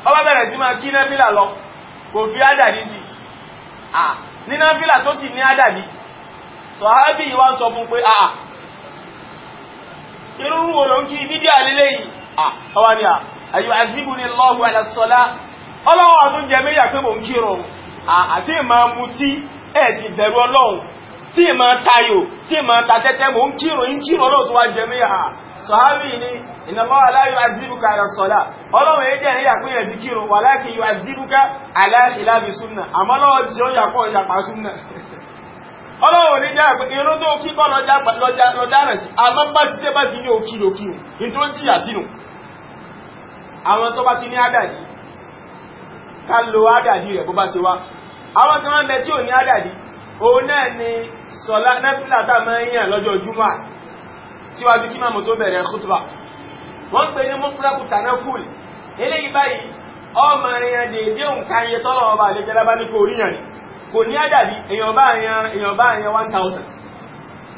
ó bá bẹ̀rẹ̀ sí máa kí náfílà lọ kò fi à ah, ní náfílà tó sì ní ádàbí sọ̀hábì ìwá ń sọ fún pé àà ah, ah, irúrú olóńgí nídí àlélé yìí àwa ni à àyíwá àgbígbù ní lọ́wọ́ àlàsọ́lá ọlọ́wọ́ ọdún jẹ pé mò ń àti ìmọ̀ ti bẹ̀rù ọlọ́run tí ìmọ̀ tayò tí ìmọ̀ tatẹ́tẹ́ mò ń ń wá jẹ sọ́hábì ni ìnàmọ́ aláyọ̀ àdìbùkà àrà sọ́lá ọlọ́run èjì àríyà pé yẹ̀ ti kírun wà láàkì yọ àdìbùkà aláṣìláàbì súnà àmọ́ lọ́wọ́ tí ó yàpọ̀ ìyàpá súnà ọlọ́run ní jẹ́ irun tó kíkọ́ lọ́dáràn sí àmọ́ bá ti ṣe bá ti ní òkìlòkìlò ní tó ń jìyà sínú àwọn tó bá ti ní àdàdì ká lo àdàdì rẹ̀ tí wọ́n bẹ tí ò ní àdàdì òun náà ni sọ̀lá nẹ́fìlà tá a lọ́jọ́ júmọ́ síwájú kí màmú tó bẹ̀rẹ̀ khutba wọ́n pè ní mọ́kúrákù tanáfùl eléyìí báyìí ọmọ èèyàn dèédé òǹkà iye tọ́lọ̀ ọba àlejẹ́lá bá ní kò ríyàn ni kò ní àdàbí èèyàn bá èèyàn èèyàn bá èèyàn one thousand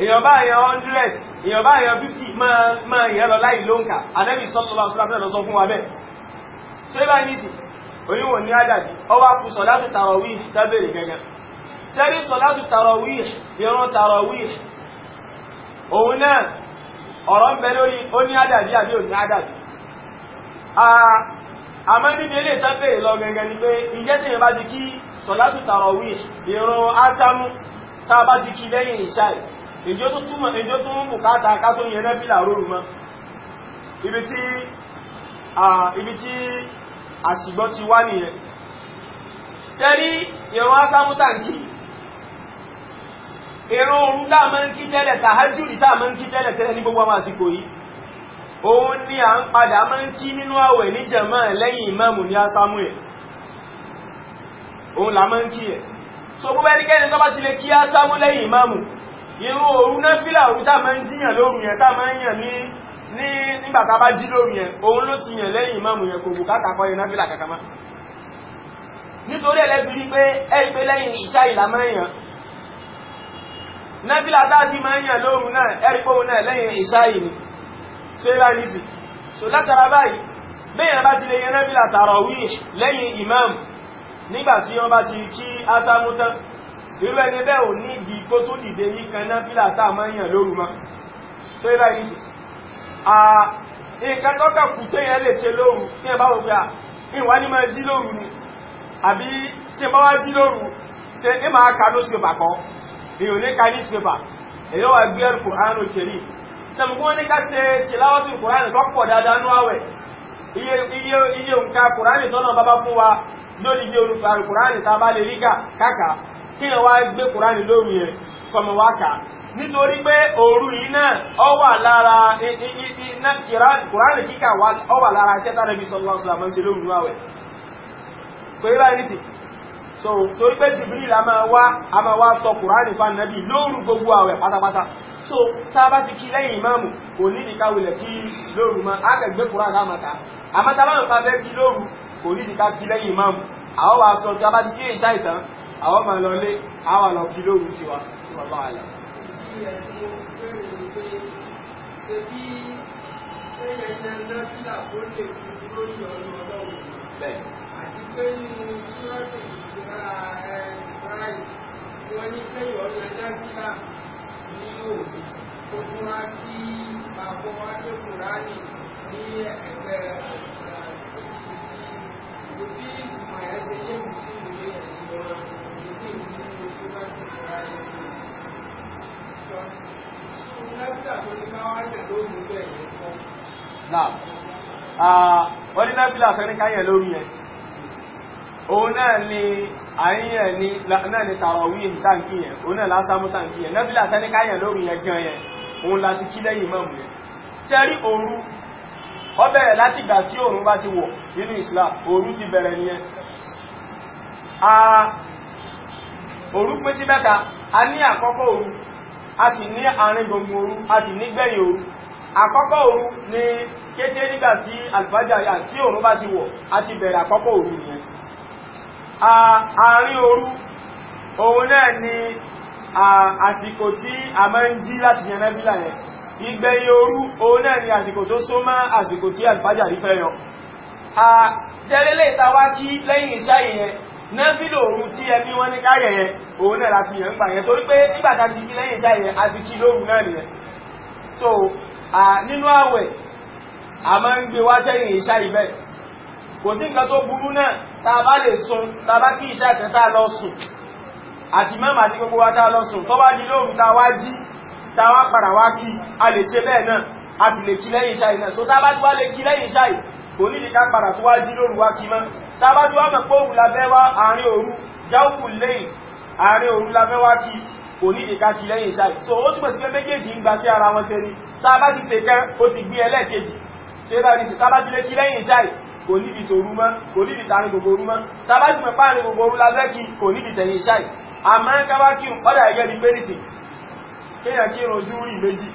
èèyàn bá èèyàn hundred èèyàn bá èèyàn fifty máa máa èèyàn lọ láì lóǹkà ànábì sallallahu alaihi wasallam sọ fún wa bẹ́ẹ̀ tó bá òun náà ọ̀rọ̀ ń bẹ lórí ó ní àdàbí àbí ò ní àdàbí àmọ́ níbi ilé ìtẹ́bẹ̀rẹ̀ lọ gẹ́gẹ́ ni pé ìjẹ́ bá ti kí sọ̀látù tàràwí ìrun átámú tá a bá ti kí lẹ́yìn ìṣáì ìjọ tó túmọ̀ ìjọ tó ń bùkátà ká tó yẹn nẹ́fìlà rórù mọ́ ibi tí ibi tí àsìgbọ́ ti wá nìyẹn sẹ́rí ìrun átámú tàǹkì èrò oòrùn tá a máa ń kí tẹ́lẹ̀ tàhájúdì tá a ma ń kí tẹ́lẹ̀ tẹ́lẹ̀ ní gbogbo àwọn àsìkò yìí òun ni à ń padà máa kí nínú àwẹ̀ ní jẹ̀mọ́ lẹ́yìn ìmáàmù ní asámúẹ̀ ti na a máa ń jíyàn lóru yẹn tá a máa ń yàn ní nítorí pé lẹ́yìn ìṣá nẹ́bílá dájí máa ń yàn lóòrùn náà ẹ́rìpóhùn náà lẹ́yìn ìṣáyì ni so ẹ bá ní sí so látara báyìí bẹ́yàn bá ti lè yẹn nẹ́bílá tàràwí lẹ́yìn imam nígbàtí wọ́n bá ti kí ásámútán irú ẹni bẹ́ẹ̀ ò ní di kó tó dìde yí kan nẹ́bílá táà máa ń yàn lóòrùn ma so ẹ bá ní sí nǹkan tọ́ka kù téèyàn lè ṣe lóòrùn tí ẹ bá wọ pé à ìwà ni máa jí lóòrùn ni àbí tí ẹ bá mi ò ní ka newspaper èyí wà gbé ẹrù kùránù kiri sẹ́mi kí wọ́n ní ká ṣe tìláwọ́sì kùránù tó dáadáa nú àwẹ̀ iye iye iye nǹka kùránù tọ́nà bàbá fún wa lórí iye olùkàrù kùránù tá a bá lè rí kà káka kí ẹ wá gbé kùránù lórí yẹn kọmọ wá kà nítorí pé òru yìí náà ọ wà lára iná kùránù kíkà wà lára ṣẹ́tà rẹ̀ so torí pé Jibril a máa wá a máa wá tọ Kùránì fún ànábì lóru gbogbo àwẹ̀ pátápátá so tá a bá ti kí lẹ́yìn ìmáàmù kò ní ìdíkà wulẹ̀ kí lóru mọ́ a kẹ̀gbẹ́ Kùránì àmàta àmọ́ tá a bá ń pa fẹ́ kí lóru kò ní ìdíkà kí lẹ́yìn ìmáàmù àwọn wa sọ tí a bá ti kí ìṣá ìtàn àwọn máa lọ lé àwọn lọ kí lóru tiwa ọlọ́ àlẹ́. bẹ́ẹ̀ àti Ah, wọ́n ní sẹ́yìn ọ̀nà dáńtílà ní òbí ó tún wá káyẹ̀ lórí ẹ̀ òun náà ni àyíyàn ni náà ni tàràwí tàǹkì yẹn òun náà lásámú tàǹkì yẹn nẹ́bílà tẹ́níkáyàn lórí yẹn gan yẹn òun láti kí lẹ́yìn mọ́mù yẹn tẹ́rí òru ó bẹ̀rẹ̀ láti ìgbà tí òun bá ti wọ̀ nínú Islam òru ti bẹ̀rẹ̀ nìyẹn òru pín sí mẹ́ta a ní àkọ́kọ́ òru àárín òru òun náà ni àsìkò tí a máa ń jí láti yẹn nábílà yẹn ìgbẹ̀yìn òru òun náà ni àsìkò tó só mọ́ àsìkò tí àlùfájà rí fẹ́ yọ jẹ́lélẹ̀ ìtawá kí lẹ́yìn iṣẹ́ yẹn nábílò òru tí ẹbí wọn ní káyẹ̀ òun náà láti yẹn ń gbà torí pé nígbà ti kí lẹ́yìn iṣẹ́ a ti kí lóru náà nìyẹn so nínú àwẹ̀ a máa ń gbé wá sẹ́yìn bẹ́ẹ̀ kò sí nǹkan tó burú náà tá a bá lè sun tá a bá kí ìṣá kan tá a lọ sùn àti mẹ́mà àti gbogbo wa tá lọ sùn tó bá di lóòrùn tá jí tá padà wá kí a lè ṣe bẹ́ẹ̀ náà a so tá a bá ti wá lè kí lẹ́yìn ìṣá yìí kò ní ìdíká padà tó wá jí lóòrùn wá kí mọ́ so ó túmọ̀ sí pé méjèèjì ń gba sí ara wọn ṣe ni tá a bá ti lè kí lẹ́yìn ìṣá yìí kò níbi tòru mọ́ kò níbi tààrin gbogbo orú mọ́ tàbá ti mẹ́pá gbogbo orú lábẹ́ kò níbi tẹ̀yìn iṣẹ́ yìí àmọ́ bí méjì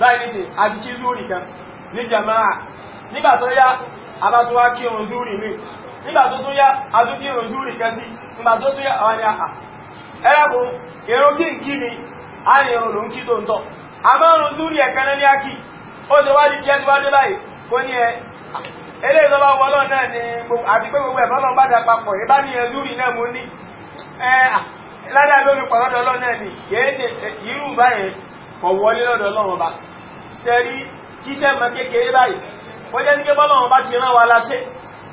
báyìí àti kí zúrì kan ní jamaa nígbà tó yá mi nígbà tó tún yá àhà kí n kí a kí tó ń tọ̀ àmọ́ ọ̀run zúrì ẹ̀kan náà ní á kí ó ṣe kó ní ẹ eré ìlọ́lọ́ wọlọ́ náà ni àti pé gbogbo ẹ̀fọ́ náà bá dà papọ̀ ìbá ní ẹlúrì náà mo ní ládàá lórí pọ̀ lọ́dọ̀ ọlọ́run náà ni kìí ṣe irú báyẹn kọ̀ wọlé lọ́dọ̀ ọlọ́run ọba tẹ̀rí kíṣẹ́ mọ kékeré báyìí ó jẹ́ nígbé bọ́lọ́run ọba ti rán wa láṣẹ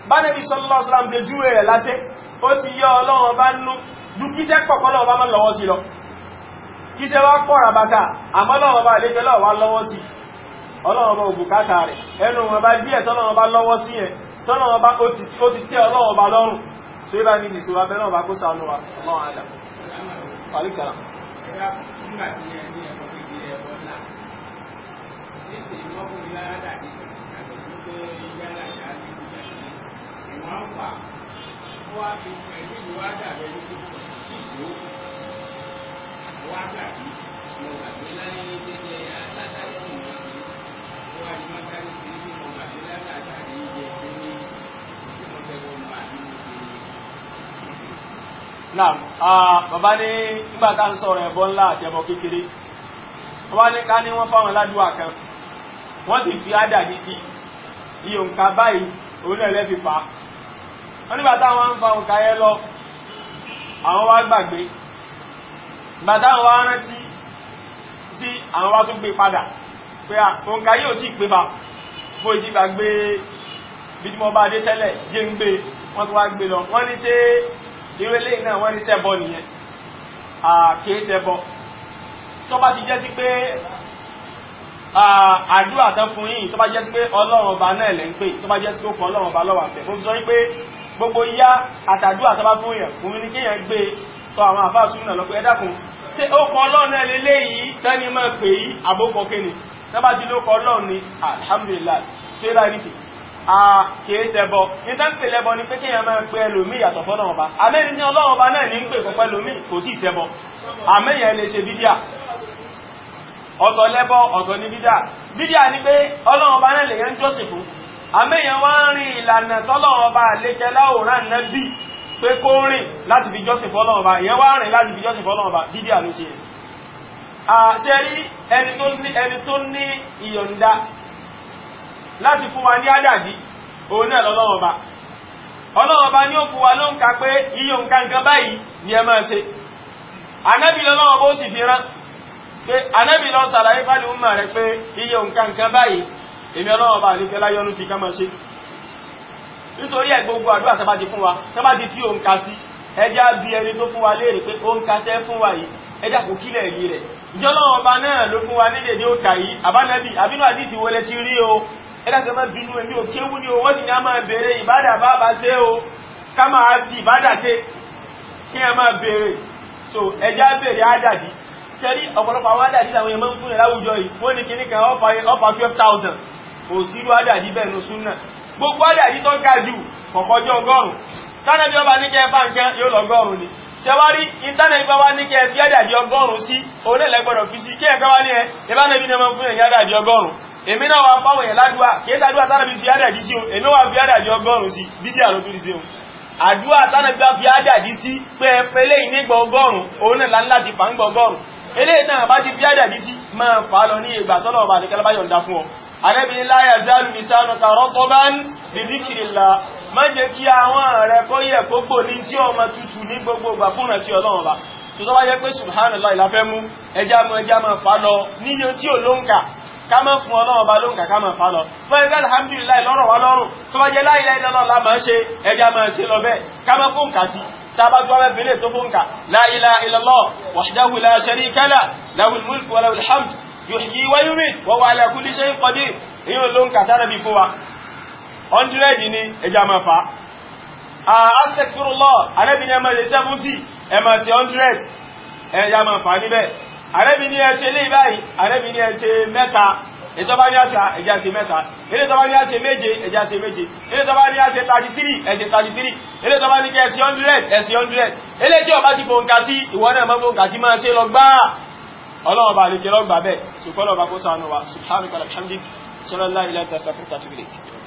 bá nẹ́bí sallallahu alaihi wasallam ṣe júwe rẹ̀ láṣẹ ó ti yọ ọlọ́run ọba nú ju kíṣẹ́ pọ̀ kọ́ lọ́wọ́ bá má lọ́wọ́ sí lọ kíṣẹ́ wá pọ̀ ràbàtà àmọ́ lọ́wọ́ bá àlejò lọ́wọ́ lọ́wọ́ sí i ọlọ́wọ́ bá òbùkátà rẹ̀ ẹnu wọn bá díẹ̀ tọ́lọ́wọ́ bá lọ́wọ́ sí ẹ̀ tọ́lọ́wọ́ bá ó ti tí ọlọ́wọ́ bá lọ́rùn tó yẹ bá ní ìṣòro abẹ́ náà bá kó sànú wa ọmọ àdá pàlíkàlà Wákàtí, mo gbàgbé láyé ní pé ní àtàkà ìsinmi Naam, bàbá ní nígbà tá ń sọ̀rọ̀ ẹbọ ńlá àti ẹbọ kékeré bàbá ní ká ní wọ́n fáwọn ládùúwà kan wọ́n sì fi ádàdí sí iye òǹkà báyìí òun ẹ̀lẹ́ fi pa wọ́n nígbà táwọn ń fa òǹkà yẹn lọ àwọn wá gbàgbé ìgbà táwọn wá rántí sí àwọn wá tún gbé padà pé à ah, òǹkà yóò tí pé bá bó ìjì bá gbé bí tí mo bá dé tẹ́lẹ̀ yé ń gbé wọ́n tó wá gbé lọ wọ́n ní ṣe irú eléyìí náà wọ́n ní ṣẹbọ nìyẹn àkè ṣẹbọ tó bá ti jẹ́ sí pé àdúrà tán fún yìí tó bá jẹ́ sí pé ọlọ́run ọba náà lẹ́ ń pè tó bá jẹ́ sí pé ó fún ọlọ́run ọba lọ́wọ́ àbẹ̀ mo sọ pé gbogbo yá àtàdúrà tó bá fún yàn fún mi ní kéèyàn gbé tọ àwọn àfáà súnmọ́ lọ́pọ̀ ẹ̀dàkùn ṣé ó kọ ọlọ́run náà lélẹ́yìí tẹ́ni máa pè yí àbókọ̀kẹ́ tọ́bá ti ló kọ lọ́run ni alhamdulillah fẹ́rẹ́ rìsì kìí ṣẹbọ níta ń pè lẹ́bọ ni pé kí èèyàn máa pè ẹlòmí yàtọ̀ fọ́nà ọba amẹ́ni ní ọlọ́run ọba náà ní ń pè fún pẹ́lòmí kò tí ṣẹbọ amẹ́yàn lè ṣe bídíà ọ̀tọ̀ lẹ́bọ ọ̀tọ̀ ní bídíà bídíà ni pé ọlọ́run ọba náà lèyàn jọ́sìn fún amẹ́yàn wá ń rin ìlànà tọ́lọ́run ọba àlékẹ́ láòrán náà bí pé kó rìn láti fi jọ́sìn fọ́lọ́run ọba ìyẹn wá rìn láti fi jọ́sìn fọ́lọ́run ọba bídíà ló ṣe yẹn ṣẹ́rí ẹni tó ní ẹni tó ní ìyọ̀nda láti fún wa ní àdàdì òun náà lọ́lọ́wọ́ba ọlọ́wọ́ba ní ó fún wa ló ń ka pé iye nǹkan nǹkan báyìí ni ẹ máa ṣe lọ́lọ́wọ́ba ó sì fi rán pé anábì lọ sàlàyé pálí ń mọ̀ rẹ pé iye nǹkan nǹkan báyìí èmi ọlọ́wọ́ba àlefẹ́ láyọ́nú sí ká ṣe nítorí ẹ̀ gbogbo àdúrà bá ti fún wa bá ti fi òǹkà sí ẹjá bí ẹjà kò kílẹ̀ rí rẹ̀ ìjọ́lọ́ ọba náà ló fún wa nílẹ̀ ní òkà yìí àbánẹ́bì àbínú àdìtì wọlé ti rí o ẹjà kò má bínú ẹ̀mí ò kéwú ni o wọ́n sì ní a máa bèèrè ìbádà bá bá ṣe o ká máa fi ìbádà ṣe kí a máa bèèrè so ẹjà bèèrè ádàdì sẹ́rí ọ̀pọ̀lọpọ̀ àwọn ádàdì làwọn èèyàn máa ń fún láwùjọ yìí wọ́n ní kíní kan ọ̀fà twelve thousand kò sí irú ádàdì bẹ́ẹ̀ ló súnà gbogbo ádàdì tó ga jù kọ̀kọ́jọ́ ọgọ́rùn-ún tánàbí ọba ní kẹ́ bá nǹkan yóò lọ́gọ́rùn-ún ni ṣẹwárí ìtànẹ̀bí bá wá ní kí ẹ fi àdàbí ọgọ́rùn-ún sí orílẹ̀-èdè fi sí kí ẹ̀kọ́ wá ní ẹ ìbánẹ̀bí ní ọmọ fún ẹ̀yà àdàbí ọgọ́rùn-ún èmi náà wà fáwọn èèyàn ládùúwà kí ẹ́sàdúwà tánàbí fi àdàbí sí o èmi wà fi àdàbí ọgọ́rùn-ún sí bídí àrùn tó sí o àdúwà tánàbí bá fi àdàbí sí pé pẹ́lẹ́ ìnígbà má jẹ́ kí àwọn rẹ̀ kọ́ yẹ kó gbò ní tí ọmọ tutù ní gbogbo ìgbà fún ẹ̀kí ọlọ́run bá tó bá jẹ́ pé subhanallah ìlàfẹ́ mú ẹjá mú ẹjá máa fà lọ níye tí ò ló ń kà ká máa fún ọlọ́run bá ló ń kà ká máa fà lọ tó ẹgbẹ́ alhamdulillah lọ́rọ̀ wá lọ́rùn tó bá jẹ́ láìláì lọ́rọ̀ la máa ṣe ẹjá máa ṣe lọ bẹ́ẹ̀ ká máa fún kà sí tába gbọ́ bẹ́ẹ̀ bẹ́lẹ̀ tó fún kà la ilaha illallah 100 ní ẹjá máa fa astaghfirullah arẹ́bì ní ẹmà ṣe 70 ẹmà ṣe 100 ẹjá máa fa níbẹ̀ arẹ́bì ní ẹṣẹ́ lè báyìí arẹ́bì ní ẹṣẹ́ mẹ́ta ìtọ́bá ní àṣà ẹjá ṣe mẹ́ta ilé tọ́bá ní àṣẹ méje ẹjá ṣe méje ilé tọ́bá ní àṣẹ 33 ẹṣẹ́ 33 ilé tọ́bá ní ẹṣẹ́ 100 ẹṣẹ́ 100 ilé tí ọba ti fòǹkà sí ìwọ náà mọ́ fòǹkà sí máa ṣe lọ gbáà ọlọ́run bá lè jẹ́ lọ́gbà bẹ́ẹ̀ ṣùkọ́lọ̀ bá kó sànú wa subhanahu wa ta'ala alhamdulillah sallallahu alaihi wa sallam